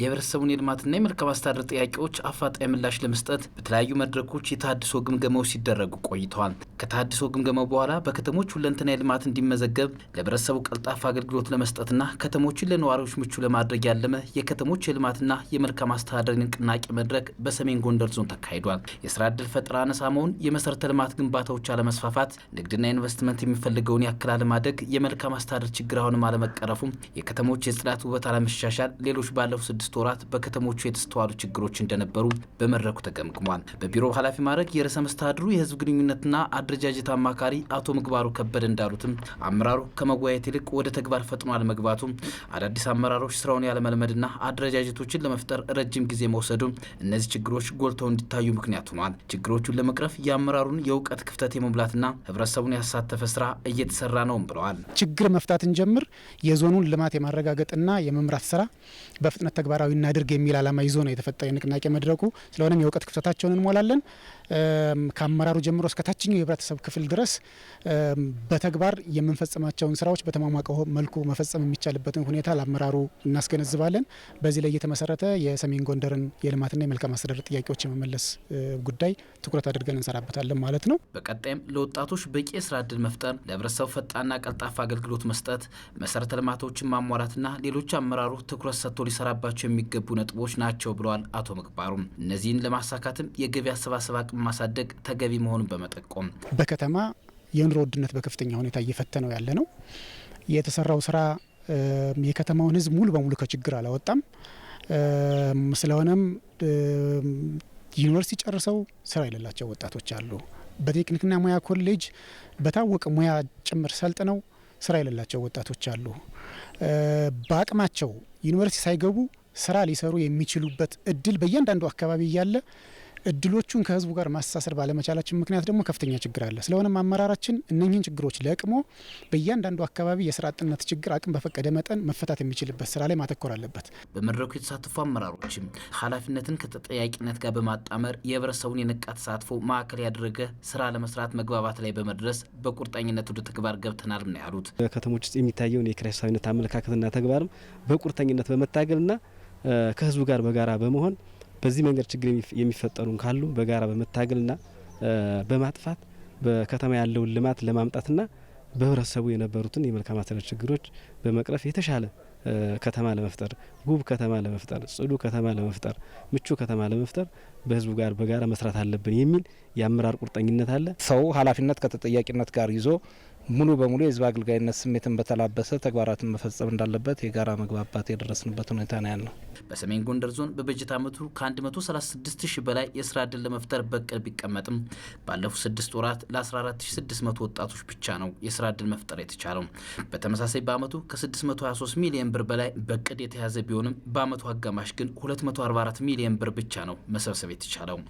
የህብረተሰቡን የልማትና የመልካም አስተዳደር ጥያቄዎች አፋጣኝ ምላሽ ለመስጠት በተለያዩ መድረኮች የተሃድሶ ግምገማው ሲደረጉ ቆይተዋል። ከተሃድሶ ግምገማው በኋላ በከተሞች ሁለንተና የልማት እንዲመዘገብ ለህብረተሰቡ ቀልጣፋ አገልግሎት ለመስጠትና ከተሞችን ለነዋሪዎች ምቹ ለማድረግ ያለመ የከተሞች የልማትና የመልካም አስተዳደር ንቅናቄ መድረክ በሰሜን ጎንደር ዞን ተካሂዷል። የስራ ዕድል ፈጠራ አነሳ መሆን፣ የመሰረተ ልማት ግንባታዎች አለመስፋፋት፣ ንግድና ኢንቨስትመንት የሚፈልገውን ያክል አለማደግ፣ የመልካም አስተዳደር ችግር አሁንም አለመቀረፉም፣ የከተሞች የጽዳት ውበት አለመሻሻል ሌሎች ባለፉ ስድስት ስድስት ወራት በከተሞቹ የተስተዋሉ ችግሮች እንደነበሩ በመድረኩ ተገምግሟል። በቢሮው ኃላፊ ማድረግ የርዕሰ መስተዳድሩ የህዝብ ግንኙነትና አደረጃጀት አማካሪ አቶ ምግባሩ ከበደ እንዳሉትም አመራሩ ከመወያየት ይልቅ ወደ ተግባር ፈጥኖ አለመግባቱ፣ አዳዲስ አመራሮች ስራውን ያለመልመድና አደረጃጀቶችን ለመፍጠር ረጅም ጊዜ መውሰዱ እነዚህ ችግሮች ጎልተው እንዲታዩ ምክንያት ሆኗል። ችግሮቹን ለመቅረፍ የአመራሩን የእውቀት ክፍተት የመሙላትና ህብረተሰቡን ያሳተፈ ስራ እየተሰራ ነውም ብለዋል። ችግር መፍታት ጀምር የዞኑን ልማት የማረጋገጥና የመምራት ስራ በፍጥነት ተግባር ተግባራዊ እናድርግ የሚል ዓላማ ይዞ ነው የተፈጠረ የንቅናቄ መድረኩ። ስለሆነም የእውቀት ክፍተታቸውን እንሞላለን። ከአመራሩ ጀምሮ እስከ ታችኛው የህብረተሰብ ክፍል ድረስ በተግባር የምንፈጽማቸውን ስራዎች በተሟሟቀ መልኩ መፈጸም የሚቻልበትን ሁኔታ ለአመራሩ እናስገነዝባለን። በዚህ ላይ የተመሰረተ የሰሜን ጎንደርን የልማትና የመልካም አስተዳደር ጥያቄዎች የመመለስ ጉዳይ ትኩረት አድርገን እንሰራበታለን ማለት ነው። በቀጣይም ለወጣቶች በቂ የስራ እድል መፍጠር፣ ለህብረተሰቡ ፈጣንና ቀልጣፋ አገልግሎት መስጠት፣ መሰረተ ልማቶችን ማሟላትና ሌሎች አመራሩ ትኩረት ሰጥቶ ሊሰራባቸው ሊሰጧቸው የሚገቡ ነጥቦች ናቸው ብለዋል አቶ ምግባሩ። እነዚህን ለማሳካትም የገቢ አሰባሰብ አቅም ማሳደግ ተገቢ መሆኑን በመጠቆም በከተማ የኑሮ ውድነት በከፍተኛ ሁኔታ እየፈተነው ያለ ነው። የተሰራው ስራ የከተማውን ህዝብ ሙሉ በሙሉ ከችግር አላወጣም። ስለሆነም ዩኒቨርሲቲ ጨርሰው ስራ የሌላቸው ወጣቶች አሉ። በቴክኒክና ሙያ ኮሌጅ በታወቀ ሙያ ጭምር ሰልጥነው ስራ የሌላቸው ወጣቶች አሉ። በአቅማቸው ዩኒቨርሲቲ ሳይገቡ ስራ ሊሰሩ የሚችሉበት እድል በእያንዳንዱ አካባቢ እያለ እድሎቹን ከህዝቡ ጋር ማስተሳሰር ባለመቻላችን ምክንያት ደግሞ ከፍተኛ ችግር አለ። ስለሆነም አመራራችን እነኝህን ችግሮች ለቅሞ በእያንዳንዱ አካባቢ የስራ አጥነት ችግር አቅም በፈቀደ መጠን መፈታት የሚችልበት ስራ ላይ ማተኮር አለበት። በመድረኩ የተሳተፉ አመራሮችም ኃላፊነትን ከተጠያቂነት ጋር በማጣመር የህብረተሰቡን የነቃ ተሳትፎ ማዕከል ያደረገ ስራ ለመስራት መግባባት ላይ በመድረስ በቁርጠኝነት ወደ ተግባር ገብተናል ነው ያሉት። በከተሞች ውስጥ የሚታየውን የኪራይ ሰብሳቢነት አመለካከትና ተግባርም በቁርጠኝነት በመታገልና ከህዝቡ ጋር በጋራ በመሆን በዚህ መንገድ ችግር የሚፈጠሩን ካሉ በጋራ በመታገልና በማጥፋት በከተማ ያለውን ልማት ለማምጣትና በህብረተሰቡ የነበሩትን የመልካም አስተዳደር ችግሮች በመቅረፍ የተሻለ ከተማ ለመፍጠር ውብ ከተማ ለመፍጠር ጽዱ ከተማ ለመፍጠር ምቹ ከተማ ለመፍጠር በህዝቡ ጋር በጋራ መስራት አለብን የሚል የአመራር ቁርጠኝነት አለ። ሰው ኃላፊነት ከተጠያቂነት ጋር ይዞ ሙሉ በሙሉ የህዝብ አገልጋይነት ስሜትን በተላበሰ ተግባራትን መፈጸም እንዳለበት የጋራ መግባባት የደረስንበት ሁኔታ ነው ያለው። በሰሜን ጎንደር ዞን በበጀት ዓመቱ ከ136 ሺህ በላይ የስራ ዕድል ለመፍጠር በቅድ ቢቀመጥም ባለፉት ስድስት ወራት ለ14600 ወጣቶች ብቻ ነው የስራ ዕድል መፍጠር የተቻለው። በተመሳሳይ በአመቱ ከ623 ሚሊዮን ብር በላይ በቅድ የተያዘ ቢሆንም በአመቱ አጋማሽ ግን 244 ሚሊዮን ብር ብቻ ነው መሰብሰብ የተቻለው።